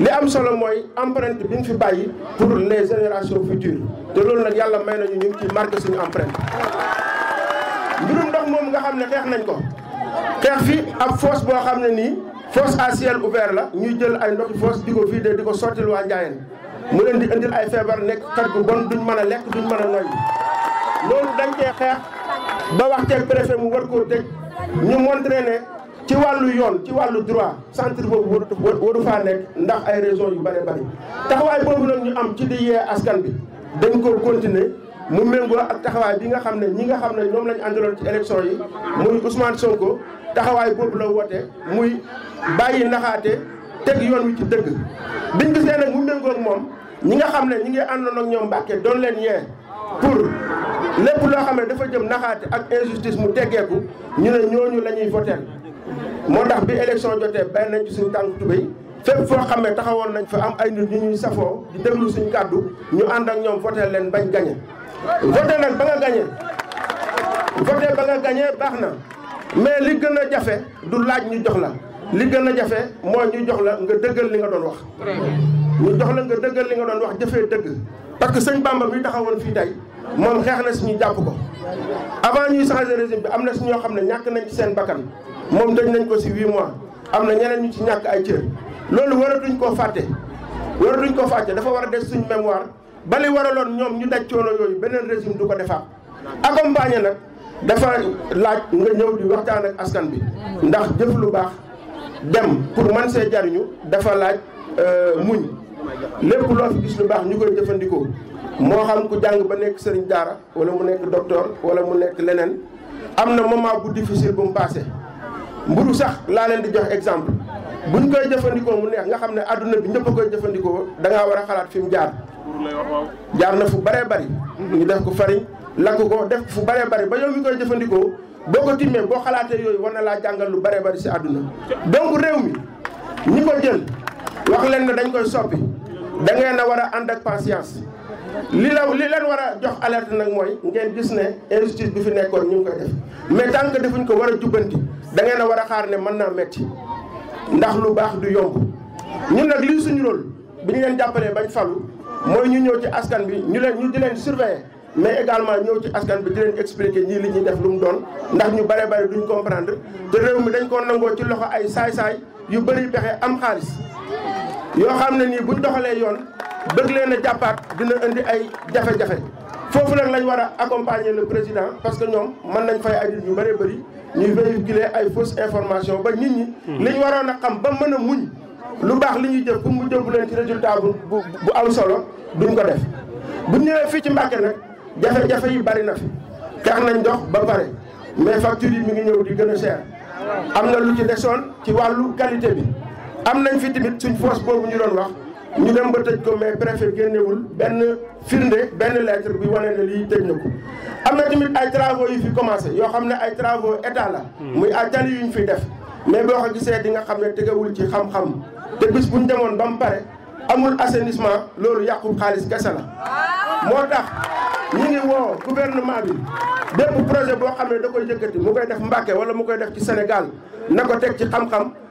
Les am solo les empreinte bi fi pour les générations futures te loolu nag yàlla may nañu ñu ci suñu empreinte mbirum ndox moom nga ne nañ ko xeex fi ab fosse boo xam ne nii fosse ciel ouvert la ñuy jël ay ndoxi fosse di ko de di ko waa mu leen di indil ay feebar nekk bu bon duñ mën a duñ mën a loolu préfet mu war ñu ne ci wàllu yoon ci wàllu droit centre boobu waru waru faa nekk ndax ay raisons yu bëree bëri taxawaay boobu nag ñu am ci di yee askan bi dañ ko continuer mu méngoo ak taxawaay bi nga xam ne ñi nga xam ne ñoom lañ àndaloon ci élection yi muy Ousmane Sonko taxawaay boobu la woote muy bàyyi naxaate teg yoon wi ci dëgg biñ gisee nag mu méngoo moom ñi nga xam ne ñi ngi àndoon ak ñoom Mbàkke doon leen yee pour lepp loo xam ne dafa jëm naxaate ak injustice mu teggeeku ñu ne ñooñu la ñuy voteel moo tax bi élection jotee bay nañ ci suñu tànk tubéy fépp foo xam ne taxawoon nañ fa am ay nit ñu ñuy safoo di déglu suñu kàddu ñu ànd ak ñoom voter leen bañ gagné voter nag ba nga gagné voter ba nga gagné baax na mais li gën a jafe du laaj ñu jox la li gën a jafe mooy ñu jox la nga dëggal li nga doon wax ñu jox la nga dëggal li nga doon wax jëfee dëgg parce que sëñ Bamba mi taxawoon fii tey moom xeex na suñu jàpp ko avant ñuy changer régime bi am na si ñoo xam ne ñàkk nañ ci seen bakkan moom dañ nañ ko si huit mois am na ñeneen ñu ci ñàkk ay cër loolu waratuñ koo fàtte waratuñ koo fàtte dafa war a des suñu mémoire ba li waraloon ñoom ñu daj coono yooyu beneen régime du ko defaat accompagner nag dafa laaj nga ñëw di waxtaan ak askan bi ndax jëf lu baax dem pour man see jariñu dafa laaj euh, muñ lepp lo fi gis lu bax ñu koy jëfandikoo moo xam ku jang ba nek serigne dara wala mu nek docteur wala mu nek lenen amna moment bu difficile bu mu passé mburu sax la leen di jox exemple buñ koy jëfandikoo mu neex nga xamne aduna bi ñepp a koy jëfandikoo da nga wara a xalaat fi mu jaar jaar na fu bare bare ñu def ko fariñ lakk ko def fu bare bare ba yow mi koy jëfandikoo boko ko bo boo yoy wona la na lu bare bare ci aduna donc réew mi ñi ko jël wax leen ne dañ koy soppi da ngeen na war a ànd ak patience li la li leen war a jox alerte nag mooy ngeen gis ne injustice bi fi nekkoon ñu ngi ko def mais tant que defuñ ko war a jubbanti da ngeen a war a xaar ne mën naa metti ndax lu baax du yomb ñun nag lii suñu rôle bi ñu leen jàppalee bañ falu mooy ñu ñëw ci askan bi ñu leen ñu di leen surveiller mais également ñëw ci askan bi di leen expliquer ñii li ñuy def lu mu doon ndax ñu bare bare duñ comprendre te réew mi dañ koo nangoo ci loxo ay saay-saay yu bëri pexe am xaalis yoo xam ne nii buñ doxalee yoon bëgg leen a jàppaat dina indi ay jafe-jafe foofu nag lañ war a accompagner le président parce que ñoom mën nañ fay ay ñu bëree bëri ñuy véhiculer ay fausse information ba nit ñi. Hmm. liñ waroon a xam ba mën a muñ lu baax li ñuy jëf pour mu jëm leen ci résultat bu bu bu am solo duñ ko def. bu ñëwee fii ci Mbàkke nag jafe-jafe yi bari na fi tax nañ dox ba pare mais facture yi mi ngi ñëw di gën a cher am na lu ci desoon ci wàllu qualité bi. amnañ fi tamit suñ force boobu ñu doon wax ñu dem ba tëj ko mais préfet génnewul benn firnde benn lettre bi wane ne lii tëj na ko am na tamit ay travaux yu fi commencé yoo xam ne ay travaux état la hmm. muy ay tali yu fi def mais boo ko gisee di nga xam ne tegewul ci xam-xam te bis buñ ñu demoon ba mu pare amul assainissement loolu yàqu xaalis kese la moo tax ñu ngi woo gouvernement bi bépp projet boo xam ne da koy yëkkati mu koy def Mbàkke wala mu koy def ci Sénégal na ko teg ci xam-xam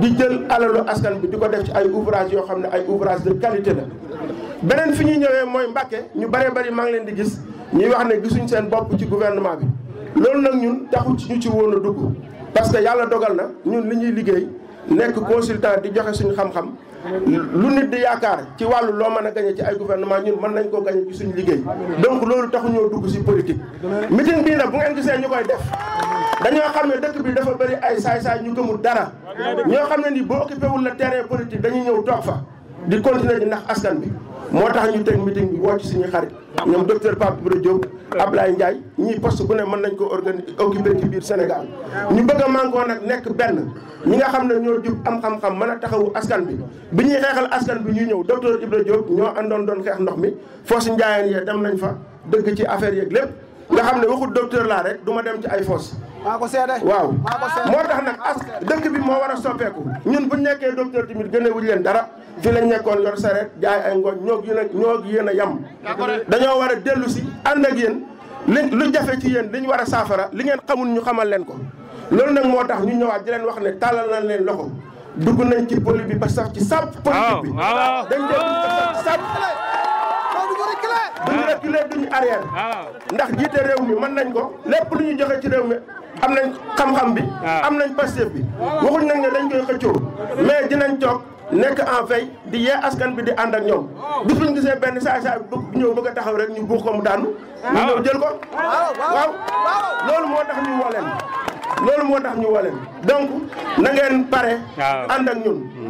di jël alalu askan bi di ko def ci ay ouvrage yoo xam ne ay ouvrage de qualité la beneen fi ñuy ñëwee mooy Mbàkke ñu bëree bëri maa ngi leen di gis ñuy wax ne gisuñ seen bopp ci gouvernement bi loolu nag ñun taxul ci ñu ci woon a dugg parce que yàlla dogal na ñun li ñuy liggéey nekk consultant di joxe suñu xam-xam lu nit di yaakaar ci wàllu loo mën a gañe ci ay gouvernement ñun mën nañ koo gañe ci suñu liggéey donc loolu taxuñoo dugg si politique meeting bii nag bu ngeen gisee ñu koy def dañoo xam ne dëkk bi dafa bëri ay saay-saay ñu gëmul dara ñoo xam ne ni boo occupé wul le terrain politique dañuy ñëw toog fa di continuer di ndax askan bi moo tax ñu teg meeting bi woo ci suñu xarit ñoom docteur Pape Ibra Diop Ablaye Ndiaye ñii poste bu ne mën nañ ko organiser occupé ci biir Sénégal ñu bëgg a nag nekk benn ñi nga xam ne ñoo jub am xam mën a taxawu askan bi bi ñuy xeexal askan bi ñuy ñëw docteur Ibra Diop ñoo àndoon doon xeex ndox mi foos njaayeen yee dem nañ fa dëgg ci affaire yeeg lépp nga xam ne waxul docteur laa rek du dem ci ay foos maa ko seede waaw moo tax nag as dëkk bi moo war a soppeeku ñun bu nekkee docteur tamit gën a wuñ leen dara fii lañ nekkoon yor sareet jaay ay ngooñ ñoo yéen a ñoo yéen a yem dañoo war a dellu si ànd ak yéen li lu jafe ci yéen li war a saafara li ngeen xamul ñu xamal leen ko loolu nag moo tax ñu ñëwaat di leen wax ne tàllal nañ leen loxo dugg nañ ci poli bi ba sax ci sàpp politique bi dañ dee dugg ba sax ci duñu reculer duñu arrière ah. ndax jiite réew mi mën nañ ko lépp lu ñu joxe ci réew mi am nañ xam-xam bi ah. am nañ pastéef bi waxuñ nañ ne dañ koy xëccoo mais dinañ toog nekk en veille di yee askan bi di ànd ak ñoom oh. bis bu ñu gisee benn saay saay bu ñëw bëgg a taxaw rek ñu buux ko mu daanu ñu ah. ñëw jël ko waaw loolu moo tax ñu woo loolu moo tax ñu woo leen donc na ngeen pare ànd ak ñun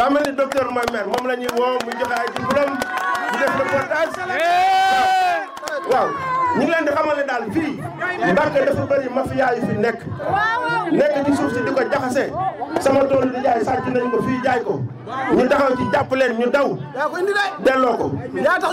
daa mel ni docteur mooy maire moom la ñuy woo mu joxe ay diplôme di def reportage waaw ñu ngi leen di xamale daal fii Mbacké dafa bëri mafia yu fi nekk nekk ci suuf si di ko jaxase sama tool di jaay sàcc nañ ko fii jaay ko ñu taxaw ci jàpp leen ñu daw delloo ko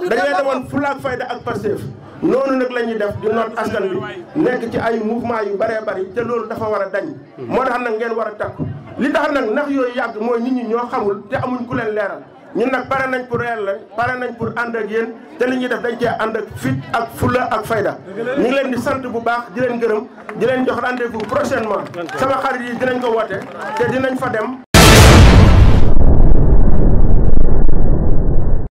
dañuy demoon fulaak fayda ak Pastef noonu nag la ñuy def di noot askan bi nekk ci ay mouvement yu bëree bëri te loolu dafa war a dañ moo tax nag ngeen war a takku li tax nag ndax yooyu yàgg mooy nit ñi ñoo xamul te amuñ ku leen leeral ñun nag pare nañ pour réel la pare nañ pour ànd ak yéen te li ñuy def dañ cee ànd ak fit ak fula ak fayda ñu ngi leen di sant bu baax di leen gërëm di leen jox rendez-vous prochainement sama xarit yi dinañ ko woote te dinañ fa dem